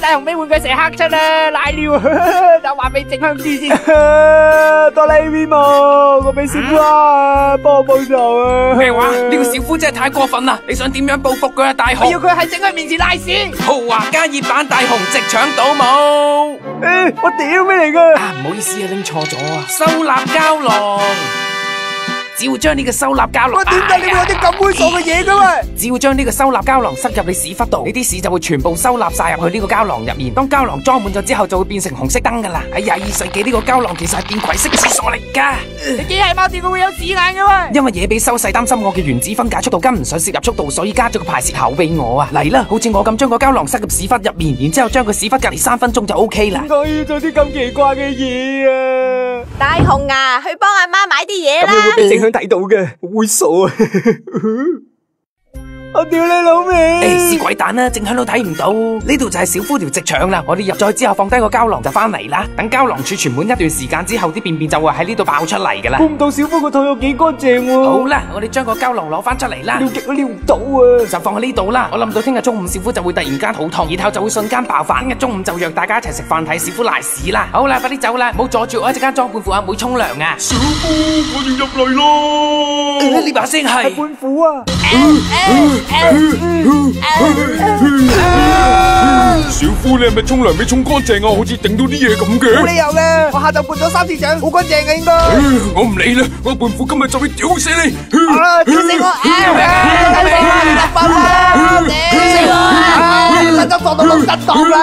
大雄俾玩具蛇嚇親，賴尿！就話俾靜香知先。哆啦 A 夢，我俾小夫啊，幫我報仇啊！咩話？呢個小夫真係太過分啦！你想點樣報復佢啊，大雄？要佢喺靜香面前拉屎！豪華加熱版大雄直腸倒模。我屌咩嚟噶？啊，唔好意思啊，拎錯咗啊，收納膠囊。只要將呢個收納膠囊，喂點解你會有啲咁猥瑣嘅嘢噶？喂，只要將呢個收納膠囊塞入你屎忽度，你啲屎就會全部收納晒入去呢個膠囊入面。當膠囊裝滿咗之後，就會變成紅色燈噶啦。喺廿二世紀呢個膠囊其實係變鬼式嘅廁所嚟噶。你幾係貓點解會有屎眼噶？因為嘢俾收細，擔心我嘅原子分解速度跟唔上攝入速度，所以加咗個排泄口俾我啊！嚟啦，好似我咁將個膠囊塞入屎忽入面，然之後將個屎忽隔離三分鐘就 O K 啦。唔可以做啲咁奇怪嘅嘢啊！大雄啊，去幫阿媽買啲嘢啦。睇到嘅會傻啊！ 我屌你老味！誒，屎鬼蛋啊！正香都睇唔到。呢度就係小夫條直腸啦，我哋入咗之後放低個膠囊就翻嚟啦。等膠囊儲存滿一段時間之後，啲便便就會喺呢度爆出嚟噶啦。估唔到小夫個肚有幾乾淨喎！好啦，我哋將個膠囊攞翻出嚟啦。撩極都撩唔到啊！就放喺呢度啦。我諗到聽日中午小夫就會突然間肚痛，然後就會瞬間爆發。聽日中午就讓大家一齊食飯睇小夫賴屎啦。好啦，快啲走啦，唔好阻住我一陣間裝胖虎阿妹沖涼啊！小夫，我哋入嚟咯！你把聲係係胖虎啊！呃呃呃小夫，你係咪沖涼未沖乾淨啊？好似頂到啲嘢咁嘅。冇理由啦，我下晝撥咗三次掌，好乾淨嘅應該。我唔理啦，我胖虎今日就會屌死你。屌死我！屌死我！我身都撞到腦震蕩啦，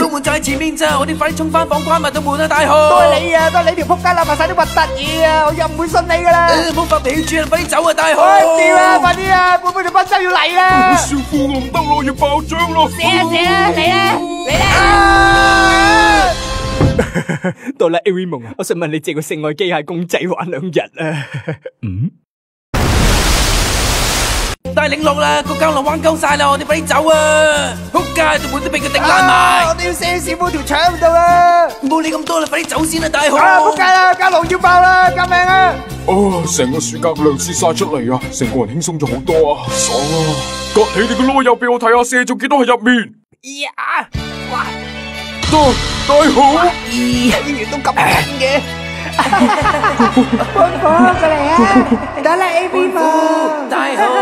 門就喺前面咋，我哋快啲衝翻房關埋到門大雄。多你啊，多你條扑街諗埋晒啲核突嘢啊，我又唔會信你噶啦。冇發脾氣啦，快啲走啊，大雄。屌啊，快啲啊，妹妹哋斌州要嚟啦。笑褲我唔得咯，要爆張咯。死啊，死啊，你咧。哆啦 A 夢啊，我想問你借個性愛機械公仔玩兩日啊。嗯。帶領落啦，個膠龍玩鳩晒啦，我哋快啲走啊！撲街，全部都俾佢頂爛埋。我哋要射屎烏條腸度啦！唔好理咁多啦，快啲走先啦，大雄！啊，撲街啦，膠龍要爆啦，救命啊！哦，成個暑假良知晒出嚟啊，成個人輕鬆咗好多啊，爽啊！割起你個囉柚俾我睇下，射咗幾多喺入面？呀！哇！得，大雄！演員都咁勁嘅。哈哈哈！啵嚟啊，得啦，A P M。大雄。